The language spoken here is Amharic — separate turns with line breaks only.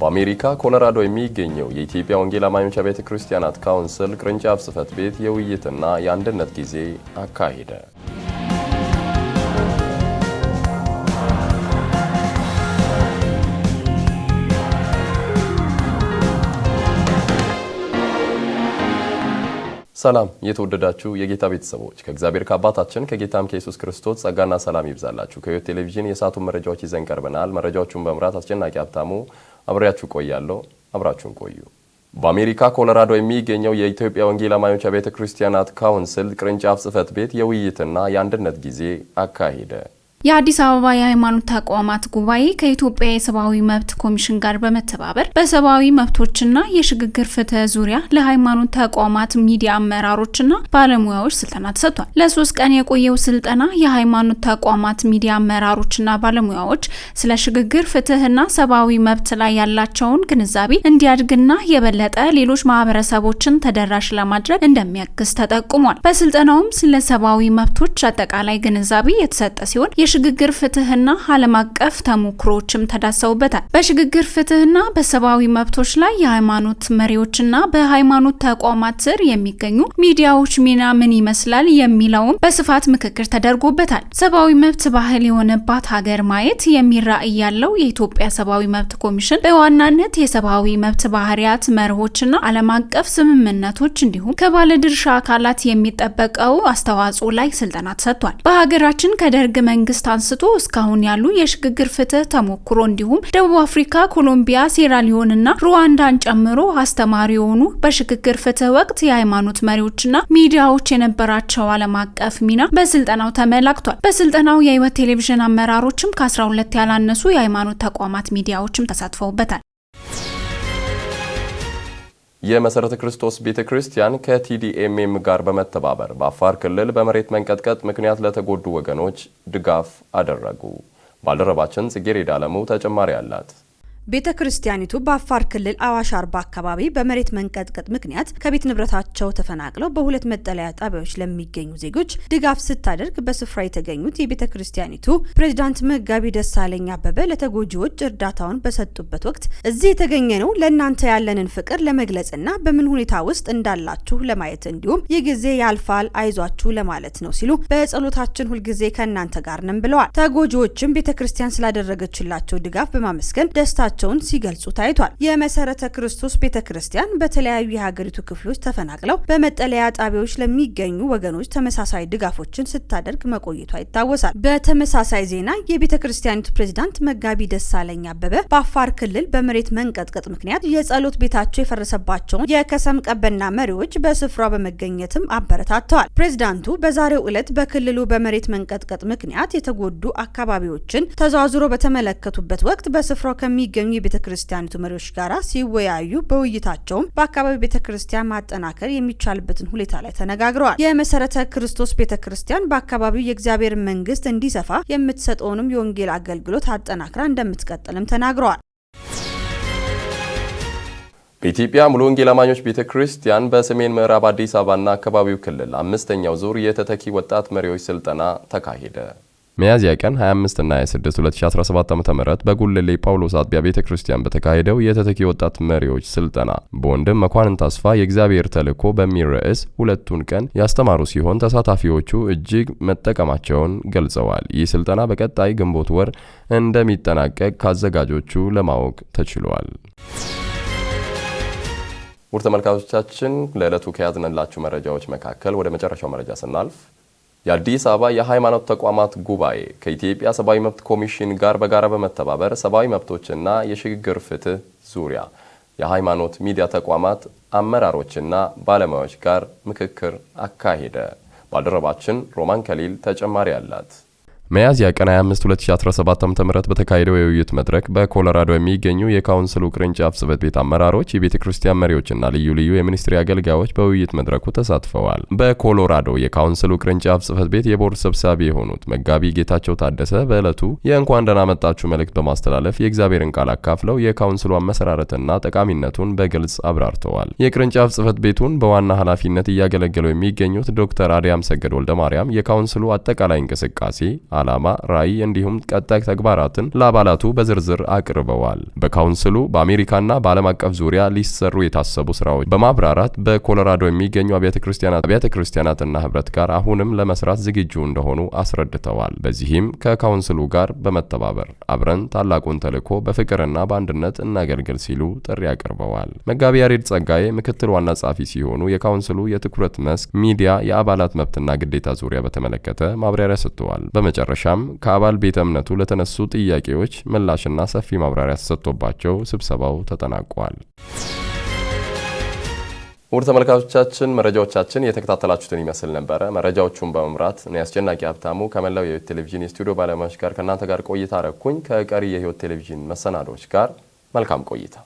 በአሜሪካ ኮሎራዶ የሚገኘው የኢትዮጵያ ወንጌል አማኞች አብያተ ክርስቲያናት ካውንስል ቅርንጫፍ ጽሕፈት ቤት የውይይትና የአንድነት ጊዜ አካሄደ። ሰላም የተወደዳችሁ የጌታ ቤተሰቦች ከእግዚአብሔር ከአባታችን ከጌታም ከኢየሱስ ክርስቶስ ጸጋና ሰላም ይብዛላችሁ። ከሕይወት ቴሌቪዥን የሰዓቱን መረጃዎች ይዘን ቀርበናል። መረጃዎቹን በመምራት አስጨናቂ ሀብታሙ አብሬያችሁ ቆያለሁ። አብራችሁን ቆዩ። በአሜሪካ ኮሎራዶ የሚገኘው የኢትዮጵያ ወንጌል አማኞች ቤተ ክርስቲያናት ካውንስል ቅርንጫፍ ጽህፈት ቤት የውይይትና የአንድነት ጊዜ አካሄደ።
የአዲስ አበባ የሃይማኖት ተቋማት ጉባኤ ከኢትዮጵያ የሰብአዊ መብት ኮሚሽን ጋር በመተባበር በሰብአዊ መብቶችና የሽግግር ፍትህ ዙሪያ ለሃይማኖት ተቋማት ሚዲያ አመራሮችና ባለሙያዎች ስልጠና ተሰጥቷል። ለሶስት ቀን የቆየው ስልጠና የሃይማኖት ተቋማት ሚዲያ አመራሮችና ባለሙያዎች ስለ ሽግግር ፍትህና ሰብአዊ መብት ላይ ያላቸውን ግንዛቤ እንዲያድግና የበለጠ ሌሎች ማህበረሰቦችን ተደራሽ ለማድረግ እንደሚያግዝ ተጠቁሟል። በስልጠናውም ስለ ሰብአዊ መብቶች አጠቃላይ ግንዛቤ የተሰጠ ሲሆን የሽግግር ፍትህና ዓለም አቀፍ ተሞክሮዎችም ተዳሰውበታል። በሽግግር ፍትህና በሰብአዊ መብቶች ላይ የሃይማኖት መሪዎችና በሃይማኖት ተቋማት ስር የሚገኙ ሚዲያዎች ሚና ምን ይመስላል የሚለውም በስፋት ምክክር ተደርጎበታል። ሰብአዊ መብት ባህል የሆነባት ሀገር ማየት የሚል ራዕይ ያለው የኢትዮጵያ ሰብአዊ መብት ኮሚሽን በዋናነት የሰብአዊ መብት ባህሪያት መርሆችና ዓለም አቀፍ ስምምነቶች እንዲሁም ከባለድርሻ አካላት የሚጠበቀው አስተዋጽኦ ላይ ስልጠና ተሰጥቷል። በሀገራችን ከደርግ መንግስት 1996 አንስቶ እስካሁን ያሉ የሽግግር ፍትህ ተሞክሮ እንዲሁም ደቡብ አፍሪካ፣ ኮሎምቢያ፣ ሴራሊዮንና ሩዋንዳን ጨምሮ አስተማሪ የሆኑ በሽግግር ፍትህ ወቅት የሃይማኖት መሪዎችና ሚዲያዎች የነበራቸው ዓለም አቀፍ ሚና በስልጠናው ተመላክቷል። በስልጠናው የህይወት ቴሌቪዥን አመራሮችም ከ12 ያላነሱ የሃይማኖት ተቋማት ሚዲያዎችም ተሳትፈውበታል።
የመሰረተ ክርስቶስ ቤተ ክርስቲያን ከቲዲኤምኤም ጋር በመተባበር በአፋር ክልል በመሬት መንቀጥቀጥ ምክንያት ለተጎዱ ወገኖች ድጋፍ አደረጉ። ባልደረባችን ጽጌሬዳ አለሙ ተጨማሪ አላት።
ቤተ ክርስቲያኒቱ በአፋር ክልል አዋሽ አርባ አካባቢ በመሬት መንቀጥቀጥ ምክንያት ከቤት ንብረታቸው ተፈናቅለው በሁለት መጠለያ ጣቢያዎች ለሚገኙ ዜጎች ድጋፍ ስታደርግ በስፍራ የተገኙት የቤተ ክርስቲያኒቱ ፕሬዚዳንት መጋቢ ደሳለኝ አበበ ለተጎጂዎች እርዳታውን በሰጡበት ወቅት እዚህ የተገኘ ነው ለእናንተ ያለንን ፍቅር ለመግለጽና በምን ሁኔታ ውስጥ እንዳላችሁ ለማየት እንዲሁም ይህ ጊዜ ያልፋል አይዟችሁ ለማለት ነው ሲሉ በጸሎታችን ሁልጊዜ ከእናንተ ጋር ነን ብለዋል። ተጎጂዎችም ቤተ ክርስቲያን ስላደረገችላቸው ድጋፍ በማመስገን ደስታቸው መሆናቸውን ሲገልጹ ታይቷል። የመሰረተ ክርስቶስ ቤተ ክርስቲያን በተለያዩ የሀገሪቱ ክፍሎች ተፈናቅለው በመጠለያ ጣቢያዎች ለሚገኙ ወገኖች ተመሳሳይ ድጋፎችን ስታደርግ መቆየቷ ይታወሳል። በተመሳሳይ ዜና የቤተ ክርስቲያኒቱ ፕሬዚዳንት መጋቢ ደሳለኝ አበበ በአፋር ክልል በመሬት መንቀጥቀጥ ምክንያት የጸሎት ቤታቸው የፈረሰባቸውን የከሰም ቀበና መሪዎች በስፍራ በመገኘትም አበረታተዋል። ፕሬዚዳንቱ በዛሬው ዕለት በክልሉ በመሬት መንቀጥቀጥ ምክንያት የተጎዱ አካባቢዎችን ተዘዋዝሮ በተመለከቱበት ወቅት በስፍራው ከሚገ ከሚገኙ የቤተ ክርስቲያኒቱ መሪዎች ጋር ሲወያዩ በውይይታቸውም በአካባቢ ቤተ ክርስቲያን ማጠናከር የሚቻልበትን ሁኔታ ላይ ተነጋግረዋል። የመሰረተ ክርስቶስ ቤተ ክርስቲያን በአካባቢው የእግዚአብሔር መንግስት እንዲሰፋ የምትሰጠውንም የወንጌል አገልግሎት አጠናክራ እንደምትቀጥልም ተናግረዋል።
በኢትዮጵያ ሙሉ ወንጌል አማኞች ቤተ ክርስቲያን በሰሜን ምዕራብ አዲስ አበባና አካባቢው ክልል አምስተኛው ዙር የተተኪ ወጣት መሪዎች ስልጠና ተካሄደ። ሚያዝያ ቀን 25 እና 26 2017 ዓ.ም በጉልሌ ጳውሎስ አጥቢያ ቤተ ክርስቲያን በተካሄደው የተተኪ ወጣት መሪዎች ስልጠና በወንድም መኳንንት አስፋ የእግዚአብሔር ተልእኮ በሚል ርዕስ ሁለቱን ቀን ያስተማሩ ሲሆን ተሳታፊዎቹ እጅግ መጠቀማቸውን ገልጸዋል። ይህ ስልጠና በቀጣይ ግንቦት ወር እንደሚጠናቀቅ ካዘጋጆቹ ለማወቅ ተችሏል። ውድ ተመልካቾቻችን ለዕለቱ ከያዝነላችሁ መረጃዎች መካከል ወደ መጨረሻው መረጃ ስናልፍ የአዲስ አበባ የሃይማኖት ተቋማት ጉባኤ ከኢትዮጵያ ሰብአዊ መብት ኮሚሽን ጋር በጋራ በመተባበር ሰብአዊ መብቶችና የሽግግር ፍትህ ዙሪያ የሃይማኖት ሚዲያ ተቋማት አመራሮችና ባለሙያዎች ጋር ምክክር አካሄደ። ባልደረባችን ሮማን ከሊል ተጨማሪ አላት። ሚያዝያ ቀን 25 2017 ዓ.ም በተካሄደው የውይይት መድረክ በኮሎራዶ የሚገኙ የካውንስሉ ቅርንጫፍ ጽህፈት ቤት አመራሮች፣ የቤተ ክርስቲያን መሪዎችና ልዩ ልዩ የሚኒስትሪ አገልጋዮች በውይይት መድረኩ ተሳትፈዋል። በኮሎራዶ የካውንስሉ ቅርንጫፍ ጽህፈት ቤት የቦርድ ሰብሳቢ የሆኑት መጋቢ ጌታቸው ታደሰ በዕለቱ የእንኳን ደህና መጣችሁ መልእክት በማስተላለፍ የእግዚአብሔርን ቃል አካፍለው የካውንስሉ አመሰራረትና ጠቃሚነቱን በግልጽ አብራርተዋል። የቅርንጫፍ ጽህፈት ቤቱን በዋና ኃላፊነት እያገለገሉ የሚገኙት ዶክተር አዲያም ሰገድ ወልደ ማርያም የካውንስሉ አጠቃላይ እንቅስቃሴ ዓላማ፣ ራዕይ እንዲሁም ቀጣይ ተግባራትን ለአባላቱ በዝርዝር አቅርበዋል። በካውንስሉ በአሜሪካና በዓለም አቀፍ ዙሪያ ሊሰሩ የታሰቡ ስራዎች በማብራራት በኮሎራዶ የሚገኙ አብያተ ክርስቲያናት አብያተ ክርስቲያናትና ህብረት ጋር አሁንም ለመስራት ዝግጁ እንደሆኑ አስረድተዋል። በዚህም ከካውንስሉ ጋር በመተባበር አብረን ታላቁን ተልዕኮ በፍቅርና በአንድነት እናገልግል ሲሉ ጥሪ አቅርበዋል። መጋቢ ያሬድ ጸጋዬ ምክትል ዋና ጸሐፊ ሲሆኑ የካውንስሉ የትኩረት መስክ ሚዲያ፣ የአባላት መብትና ግዴታ ዙሪያ በተመለከተ ማብራሪያ ሰጥተዋል። በመጨረ በመጨረሻም ከአባል ቤተ እምነቱ ለተነሱ ጥያቄዎች ምላሽና ሰፊ ማብራሪያ ተሰጥቶባቸው ስብሰባው ተጠናቋል። ውድ ተመልካቾቻችን መረጃዎቻችን የተከታተላችሁትን ይመስል ነበረ። መረጃዎቹን በመምራት እኔ አስጨናቂ ሀብታሙ ከመላው የህይወት ቴሌቪዥን የስቱዲዮ ባለሙያዎች ጋር ከእናንተ ጋር ቆይታ አረኩኝ። ከቀሪ የህይወት ቴሌቪዥን መሰናዶዎች ጋር መልካም ቆይታ